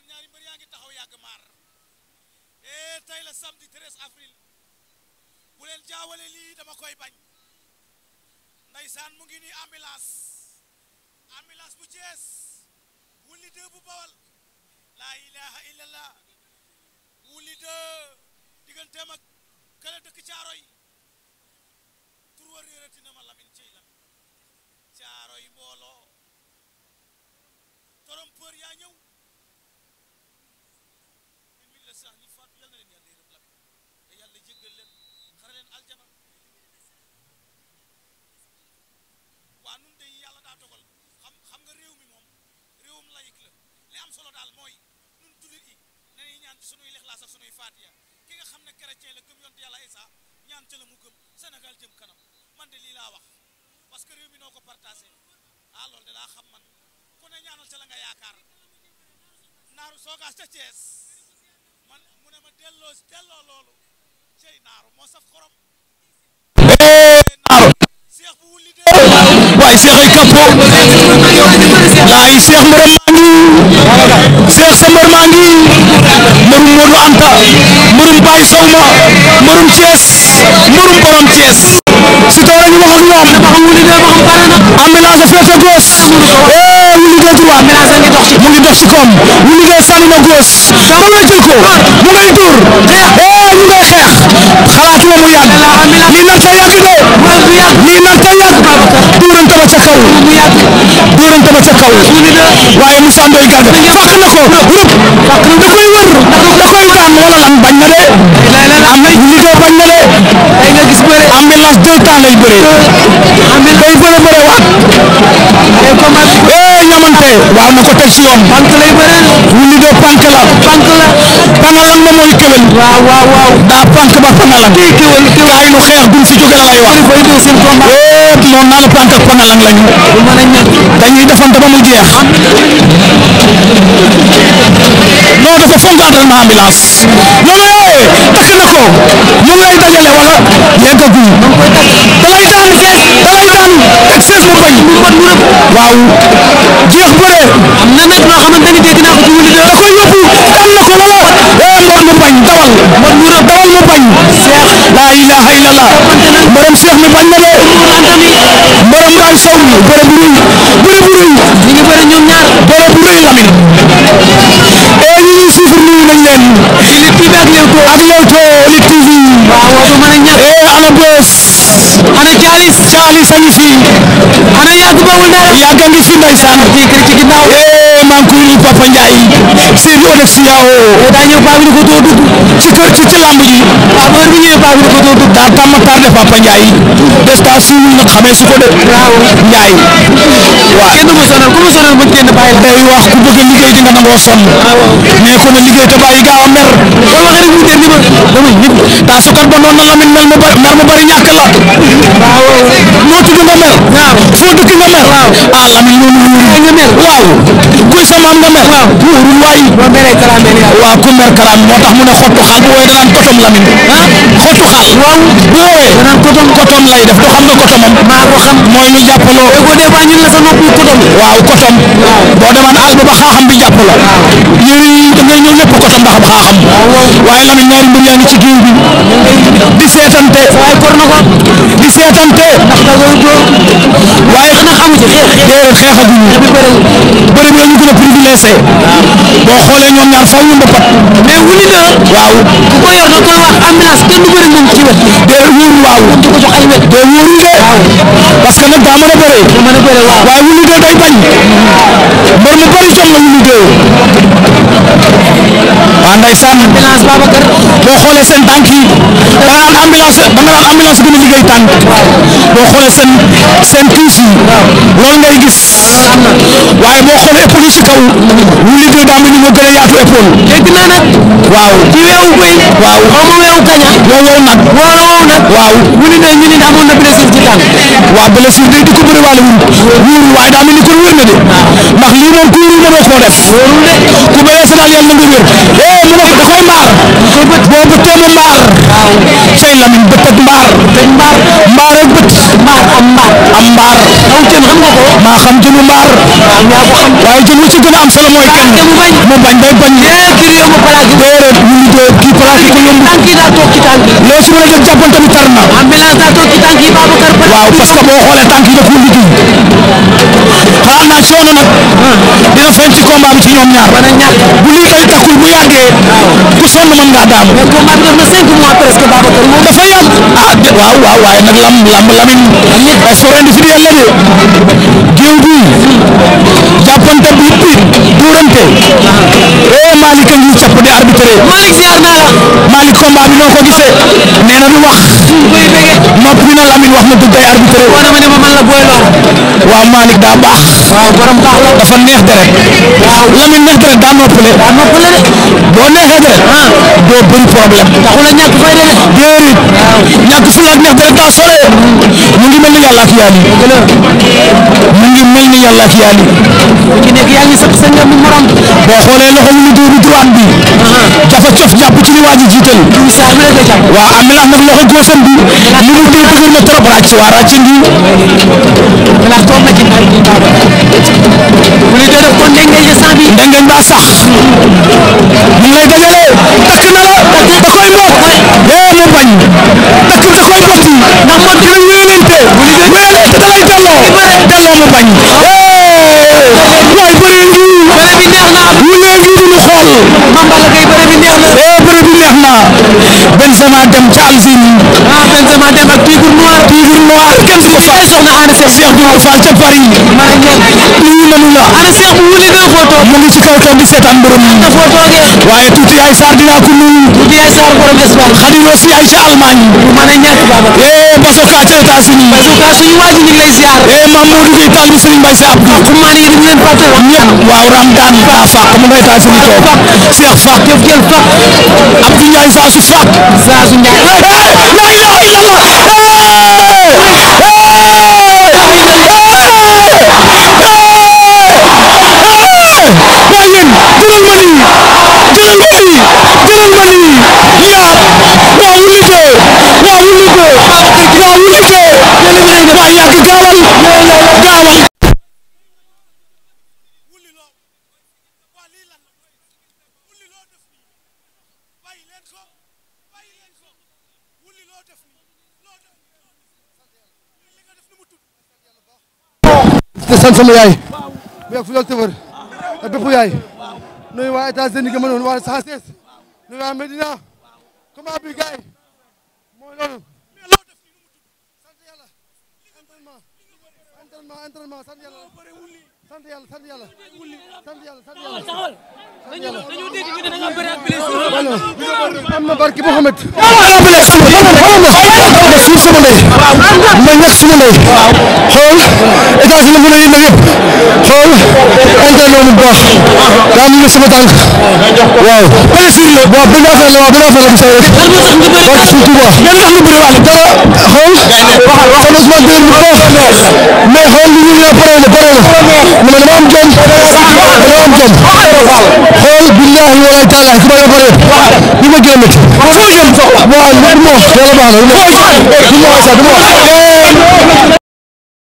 ndeysaan ñaari mbër yaa ngi taxaw yàgg maar e tey la samedi 13 avril bu leen jaawale lii dama koy bañ ndeysaan mu ngi nii ambulance ambulance bu Thiès wuli deux bu bawal laa ilaha illallah wuli deux digganteem ak kële dëkk caaroy tur wa réerati na ma lamin ciy la caaroy mbooloo torompeur yaa ñëw am solo daal mooy nun jullit yi nañuy ñaan ci sunuy lexlaas ak sunuy faatiya ki nga xam ne chrétien la gëm yonte yàlla Isa ñaan ca la mu gëm Sénégal jëm kanam man de lii laa wax parce que réew mi noo ko partagé ah loolu de laa xam man ku ne ñaanal ca la nga yaakaar naaru soogaas ca Thiès man mu ne ma delloo delloo loolu cey naaru moo saf xorom naaru seex bu wulli de waay seex ay kappoo laay seex mbër maa Anta mbërum Baye Sow ma mbërum Thiès mbërum borom Thiès Siteu la ñu wax ak ñoom ambulance féete gauche eh Wouly Gueye droit mu ngi dox ci koom Wouly Gueye sànni na gauche ma ngay jël ko mu ngay dóor eh ñu xeex xalaatu ma mu ca kaw waaye Moussa Ndoye Garga fàq na ko rëpp da koy wër da koy daan wala lan bañ na de am na nitoo bañ na de ambulance deux temps lay bëree waaw na ko teg si yoon. pank lay bëree. wuli doo pank la. pank la. panalang ba mooy kéwél. waaw waaw waaw. daa pank ba panalang. kii kéwél kéwél. kaay nu xeex duñ fi jóge la lay wax. il faut que seen combat. yëpp noonu naa la pank ak panalang lañu. bu mën a ñàkk. dañuy defante ba mu jeex. Ah. non dafa fonk entraînement ambulance. ñu ngi lay takk na ko. ñu ngi lay dajale wala. yeggaguñ. da lay daal waaw jeex bëre am na nag loo xamante ni dégg naa ko ci wuli da koy yóbbu dal na ko lala eh mbot bañ dawal mbot mu rëb dawal mu bañ seex la ilaha illallah mbërëm seex mi bañ na de mbërëm daal saw mi mbërëm ruy Papa Ndiaye sérieux def si yaawoo daa ñëw paa bi ko doo ci kër ci ci lamb ji waaw heure bi ñëwee paa daa tàmm tardé Papa Ndiaye des fois suñu nag su ko de waaw Ndiaye waaw kenn ma ku ba kenn bàyyi day wax ku bëgg liggéey di nga nangoo sonn ah, mais ku ne liggéey te bàyyi gaaw a mer boo waxee rek mu ni ma daa sukar ba noonu nga xam ne mer ma la waaw noo tudd nga mer waaw foo dëkk nga mer waaw ah Lamine noonu nga mer boo meree kalaamee waaw ku mer karaan moo tax mu ne xottu xaaj bu wooyee danaan kotom lamin xottu xaaj lay def doo xam nga kotomam maa ko xam mooy ñu jàppaloo boo dee baa ñin la sa noppi ah. demaan àll ba xaaxam bi jàpp la yéen yi da ngay ñëw lépp kotom ndax ba xaaxam ah, waaye lamin ñaari mbir ci géew bi di seetante waaye kor na ko di seetante ndax da ngay dóor waaye xanaa xamu ci xeex déedéet xeexaguñu bëri bi la ñu a ah. xoolee ñoom ñaar faw ñu mais wuli na. waaw ku ko yor da koy wax ambulance kenn du bëri moom ci wet. day wóoru waaw. di ko jox ay wet. day wóoru de. parce que nag daa mën a bëree. daa mën a bëree waaw. waaye wuli de day bañ. mbër mu bëri jom la wuli de. waaw ndeysaan. ambulance Babacar. boo xoolee seen tànk yi. da nga naan ambulance da nga naan ambulance gën a liggéey tànk. boo xoolee seen seen tuus yi. loolu ngay gis. waaye moo xool épaule yi si kaw ñu liggéey daa mel ni moo gën a yaatu épaule. dégg naa nag. waaw ci weewu béy. waaw xaw ma weewu kaña. moo wow nag. waaw ñu ne ñu ne na blessure ci tànk. waaw blessure day di ko bëri waale wul. wóorul waaye daa mel ni kon wér na de. ndax lii moom ku wóorul mënoo koo def. wóorul de ku mel eh, mu ne ko da koo mbaar. bëttee ma mbaar. waaw say lamin bët ak mbaar. bët am mbaar aw jën xam nga ko maa xam mbaar waaye jën lu ci gën a am solo mooy kañ mu bañ day bañ déedéet ñu ngi dee kii pratique yomb a jóg jàppoon tamit tar na ah, waaw parce que boo xoolee tànk yi daf ñu liggéey naa coono nag vingt combat am ci ñoom ñaar bu lii bu yàggee ku sonn mën ngaa daanu mais combat bi def na cinq mois presque Babacar moom dafa ah, lam lamin sport individuel la de géew bi jàppante bi piit Malick a ngi capp di arbitré Malick ziar naa la Malick combat bi noo ko gisee nee na du wax nopp bi na Lamine wax na du day arbitré waaw dama ne ma man la booy loo waaw Malick daa baax waaw borom baax la dafa neex deret waaw Lamine neex deret daa noppale daa noppale de boo neexee deret ah doo bëri problème taxul a ñàkk fay deret déedéet ñàkk fu la neex deret daa sore mu ngi mel ni yàlla ak yaali mu ngi mel ni yàlla ak yaali ki nekk yaa ngi sëpp sa ngëm morom boo xoolee loxo tuuru droite bi dafa cof jàpp ci li waa ji jiital waaw amel am na loxo góosam bi li mu téye dëgër na trop ràcc waa ràcc ngi ndax toog na ci ndax bu ñu dee def mu lay dajale takk na la da koy mot hee mu bañ takk da koy botti ndax mot day wéelante wéelante da lay delloo delloo mu bañ hee waay bëre ngi bëre bi neex na moom Balla Gaye bëre neex na. eh bëre bi neex na. Benzema dem ca Algérie. ah Benzema dem ak Tigre Noir. Tigre Noir kenn du ko faal. soxna Ana Seck Cheikh du foto. mu ngi ci kaw toog di seetaan mbërëm. waaye tuuti ay Sarr dinaa ko nuyu. tuuti ay Sarr borom Espagne. Xadim aussi ay ca Allemagne. bu mën a ñàkk baba. eh Basoka ca États-Unis. Basoka suñu waa ji ñu ngi lay ziar. eh maam Modou Gueye taal bi Serigne Mbaye si Abdou. ah comme maa ngi leen fàtte woon. ñëpp waaw Ramdan Ba Fakk mu ngay États-Unis loo def ni loo def li nga def ni mu tudd te sant sama yaay bu yàgg fu loolu tëfër ak bépp yaay nuyu waa États-Unis gëma noonu waa Sances nuyu waa Medina comment bi gaay mooy loolu loo def ni mu tudd sant yàlla entraînement entraînement sant yàlla sant yàlla sant yàlla sant yàlla sant yàlla taxawal dañu dégg ñu da nga bëri ak blessure am na barki Mohamed am blessure yàlla suuf sama ndey ma ñàkk sama ndey xool état bi la mën a yëngal yëpp xool entraînement bu baax daa ñu sama tànk waaw blessure la waaw bu ñu affaire baax mu ne dama am jom dama am jom xool billahi wala taala ku ma defal yëpp bi ma génn ci waaw moom yàlla baax na du ma wax du ma wax sax du ma wax